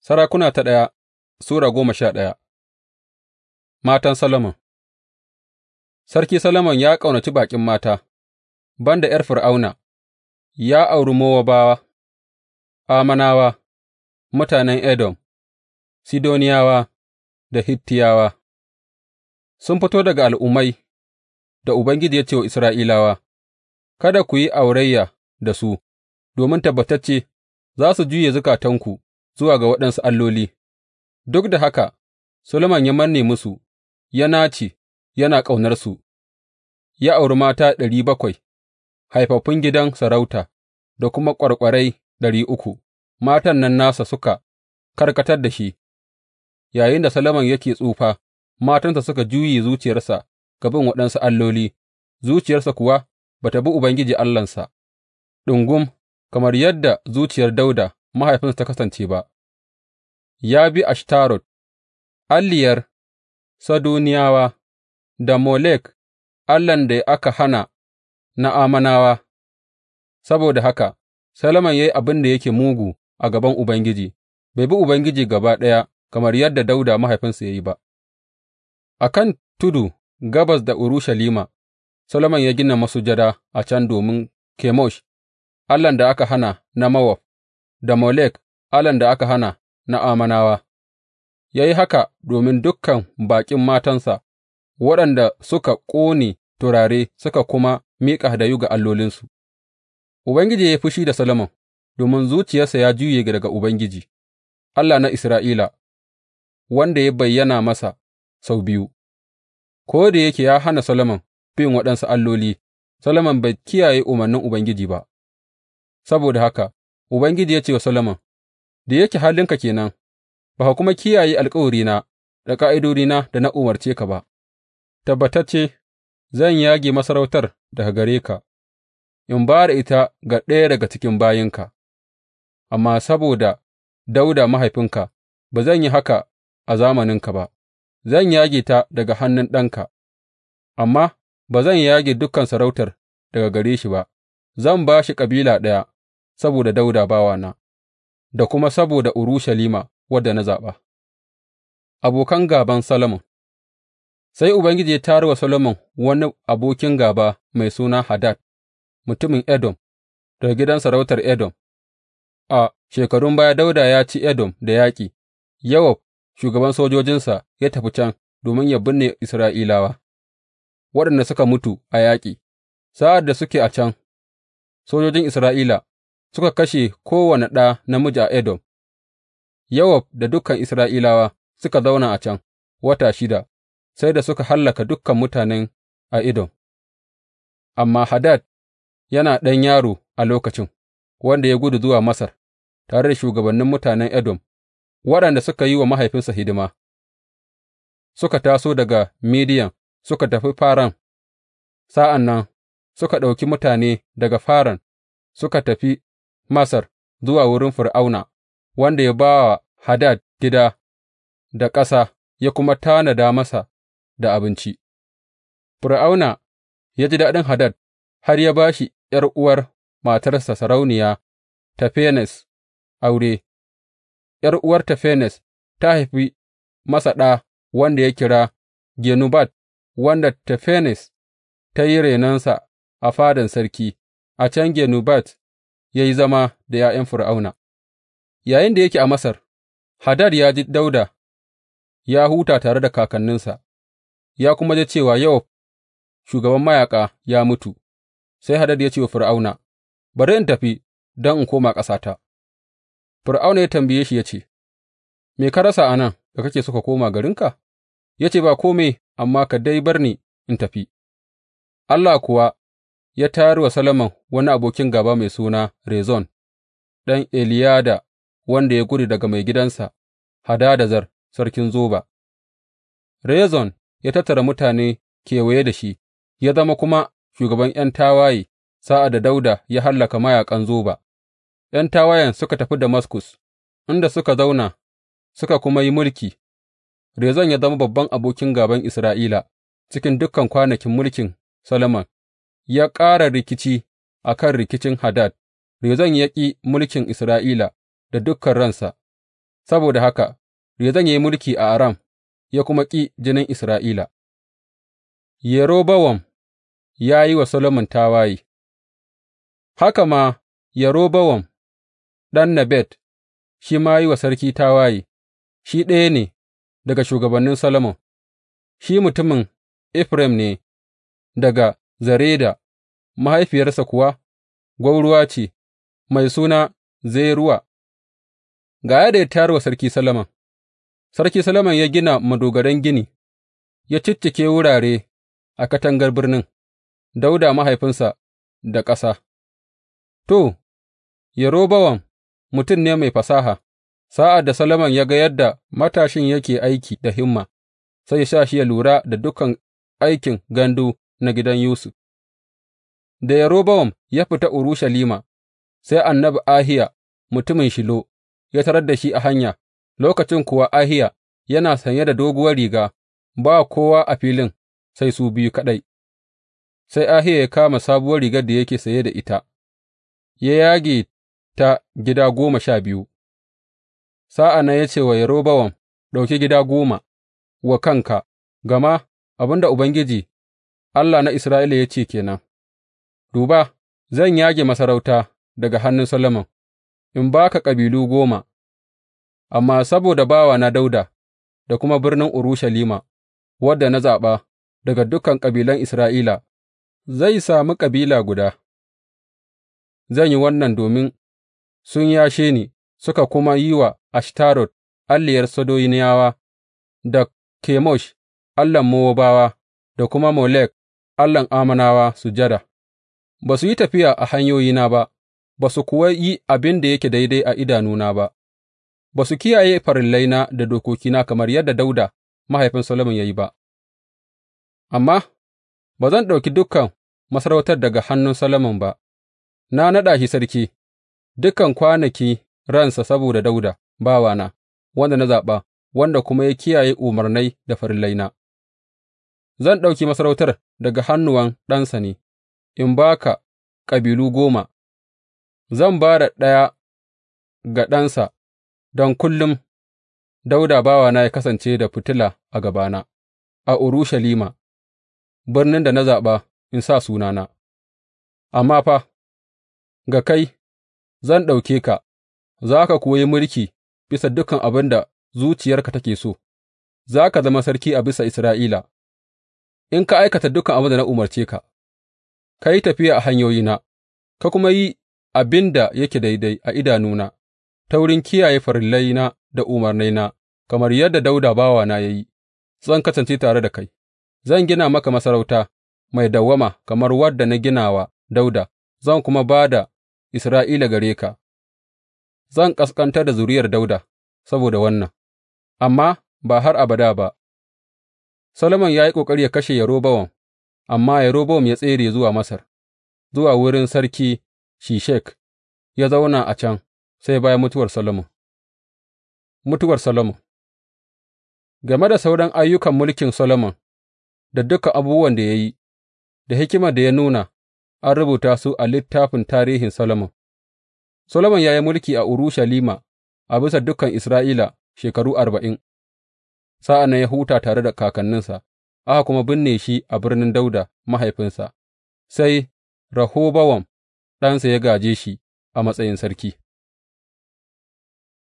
Sarakuna ta ɗaya Sura goma sha daya Matan Solomon Sarki Solomon ya ƙaunaci baƙin mata, ban da ’yar Fir'auna, ya auri Mowabawa, Amanawa, mutanen Edom, Sidoniyawa da Hittiyawa, sun fito daga al'ummai da Ubangiji ya ce wa Isra'ilawa, Kada ku yi aurayya da su, domin tabbatacce za su juye zukatanku. zuwa ga waɗansu alloli, duk da haka Solomon ya manne musu, ya nace, yana ƙaunarsu, ya auri mata ɗari bakwai, haifaffun gidan sarauta da kuma ƙwarƙwarai ɗari uku, matan nan nasa suka karkatar da shi, Yayin da Solomon yake tsufa, matansa suka juye zuciyarsa ga bin waɗansu alloli, zuciyarsa kuwa ba ta bi Ubangiji Allahnsa ɗungum, kamar yadda zuciyar Dauda mahaifinsa ta kasance ba, ya bi Ashtarot, alliyar Sadoniyawa da Molek, allahn da aka hana na amanawa saboda haka Salaman ya yi abin da yake mugu a gaban Ubangiji, bai bi Ubangiji gaba ɗaya kamar yadda Dauda mahaifinsa ya yi ba. A kan tudu gabas da Urushalima, Solomon ya gina masujada a can domin Kemosh, allahn da aka hana na Mowab. da Molek allahn da aka hana na Ammonawa, ya yi haka domin dukan baƙin matansa waɗanda suka ƙone turare suka kuma miƙa hadayu ga allolinsu, Ubangiji ya yi fushi da Solomon domin zuciyarsa ya juye daga Ubangiji, Allah na Isra'ila, wanda ya bayyana masa sau biyu, ko da yake ya hana Solomon bin waɗansu alloli, Solomon bai kiyaye umarnin Ubangiji ba, saboda haka Ubangiji ya ce wa Solomon, Da yake halinka ke nan, ba ka kuma kiyaye alkawarina da ƙa'idodina da na umarce ka ba, tabbatacce zan yage masarautar daga gare ka, in ba da ita ga ɗaya daga cikin bayinka, amma saboda Dauda mahaifinka ba zan yi haka a zamaninka ba, zan yage ta daga hannun ɗanka, amma ba zan yage dukan sarautar daga gare shi ba, zan ba shi ƙabila ɗaya. saboda Dawuda bawana da kuma saboda Urushalima wadda na zaɓa, abokan gaban Solomon Sai Ubangiji ya tara wa Solomon wani abokin gaba mai suna Hadad, mutumin Edom, daga gidan sarautar Edom A shekarun baya Dauda ya ci Edom da yaƙi, Yawa shugaban sojojinsa ya tafi can domin ya binne Isra'ilawa, waɗanda suka mutu a yaƙi, sa'ad da suke a can, sojojin Isra'ila suka kashe kowane ɗa namiji a Edom, Yowab da dukan Isra'ilawa suka zauna a can wata shida, sai da suka hallaka dukan mutanen a Edom. Amma Hadad yana ɗan yaro a lokacin, wanda ya gudu zuwa Masar tare da shugabannin mutanen Edom, waɗanda suka yi wa mahaifinsa hidima, suka taso daga Midiyan suka tafi Faran, sa'an nan suka ɗauki mutane daga Faran suka tafi Masar zuwa wurin Fir'auna, wanda ya ba wa Hadad gida da ƙasa ya kuma tanada masa da abinci. Fir'auna ya ji daɗin Hadad har ya ba shi ’yar'uwar matarsa sarauniya Tafenes aure, ’yar'uwar Tafenes ta haifi masa ɗa wanda ya kira Genubat, wanda Tafenes ta yi renonsa a fadan sarki, a can Genubat ya yi zama da ’ya'yan Fir'auna Yayinda yake a Masar, Hadad ya ji Dauda ya huta tare da kakanninsa, ya kuma ji cewa Yowab, shugaban mayaƙa, ya mutu, sai Hadad ya ce wa Fir'auna, Bari in tafi don in koma ƙasata. Fir'auna ya tambaye shi ya ce, Me ka rasa a nan da kake suka koma garinka? Ya ce, Ba kome, amma ka dai bar ni in tafi, Allah kuwa ya tayar wa Solomon wani abokin gāba mai suna Rezon ɗan Eliyada, wanda ya gudu daga maigidansa Hadadezer sarkin Zoba, Rezon ya tattara mutane kewaye da shi, ya zama kuma shugaban ’yan tawaye sa'ad da Dauda ya hallaka mayaƙan Zoba, ’yan tawayen suka tafi Damaskus, inda suka zauna suka kuma yi mulki, Rezon ya zama babban abokin gaban Isra'ila cikin dukan kwanakin mulkin Solomon. ya ƙara rikici a kan rikicin Hadad, Rezon ya ƙi mulkin Isra'ila da dukan ransa, saboda haka Rezon ya yi mulki a Aram ya kuma ƙi jinin Isra'ila. Yerobowam ya yi wa Solomon tawaye Haka ma Yerobowam ɗan Nabet shi ma yi wa sarki tawaye, shi ɗaya ne daga shugabannin Solomon, shi mutumin Efraim ne daga Zereda, mahaifiyarsa kuwa gwauruwa ce mai suna Zeruwa Ga yadda ya tayar wa Sarki Salaman. Sarki Salaman ya gina madogaran gini, ya ciccike wurare a katangar birnin Dauda mahaifinsa da ƙasa To, Yerobowam mutum ne mai fasaha, sa'ad da Salaman ya ga yadda matashin yake aiki da himma, sai ya sha shi ya lura da dukan aikin gandu. na gidan Yusuf Da Yerobowam ya fita Urushalima, sai annabi Ahiya mutumin Shilo ya tarar da shi a hanya, lokacin kuwa Ahiya yana sanye da doguwar riga, ba kowa a filin sai su biyu kaɗai. Sai Ahiya ya kama sabuwar rigar da yake saye da ita, ya yage ta gida goma sha biyu, Sa'a na ya ce wa Yerobowam, Ɗauki gida goma wa kanka, gama abin da Ubangiji Allah na Isra'ila ya ce ke nan, Duba, zan yage masarauta daga hannun Solomon, in ba ka kabilu goma, amma saboda bawa na Dauda da kuma birnin Urushalima, wadda na zaɓa daga dukan kabilan Isra'ila, zai sami kabila guda. Zan yi wannan domin sun yashe ni suka kuma yi wa Ashtarot, alliyar Sidoniyawa, da Kemosh, allahn Mowabawa, da kuma Molek, Allahn Ammonawa sujada, ba su yi tafiya a hanyoyina ba, ba su kuwa yi abin da yake daidai a idanuna ba, ba su kiyaye farillaina da dokokina kamar yadda Dauda mahaifin Solomon ya yi ba, amma ba zan ɗauki dukan masarautar daga hannun Solomon ba, na naɗa shi sarki dukan kwanaki ransa saboda Dauda bawana, wanda na zaɓa, wanda kuma ya kiyaye umarnai da farillaina. Zan ɗauke masarautar daga hannuwan ɗansa ne in ba ka kabilu goma, zan ba da ɗaya ga ɗansa don kullum Dawuda bawana ya kasance da fitila a gabana a Urushalima, birnin da na zaɓa in sa Sunana, amma fa, ga kai zan ɗauke ka, za ka kuwa yi mulki bisa dukan abin da zuciyarka take so, za ka zama sarki a bisa Isra'ila. in ka aikata dukan abin da na umarce ka, ka yi tafiya a hanyoyina, ka kuma yi abin da yake daidai a idanuna, ta wurin kiyaye farillaina da umarnaina, kamar yadda Dauda bawana ya yi, zan kasance tare da kai, zan gina maka masarauta mai dawwama kamar wadda na gina wa Dauda, zan kuma ba da Isra'ila gare ka, zan ƙasƙantar da zuriyar Dauda saboda wannan, amma ba har abada ba. Solomon ya yi ƙoƙari ya kashe Yerobowam, amma Yerobowam ya tsere zuwa Masar, zuwa wurin sarki Shishak, ya zauna a can sai bayan mutuwar Solomon. Mutuwar Solomon Game da sauran ayyukan mulkin Solomon da duka abubuwan da ya yi, da hikimar da ya nuna, an rubuta su a littafin tarihin Solomon. Solomon ya yi mulki a Urushalima a bisa dukan Isra'ila shekaru arba'in. Sa'an nan ya huta tare da kakanninsa, aka kuma binne shi a birnin Dauda mahaifinsa, sai Rehobowam ɗansa ya gāje shi a matsayin sarki.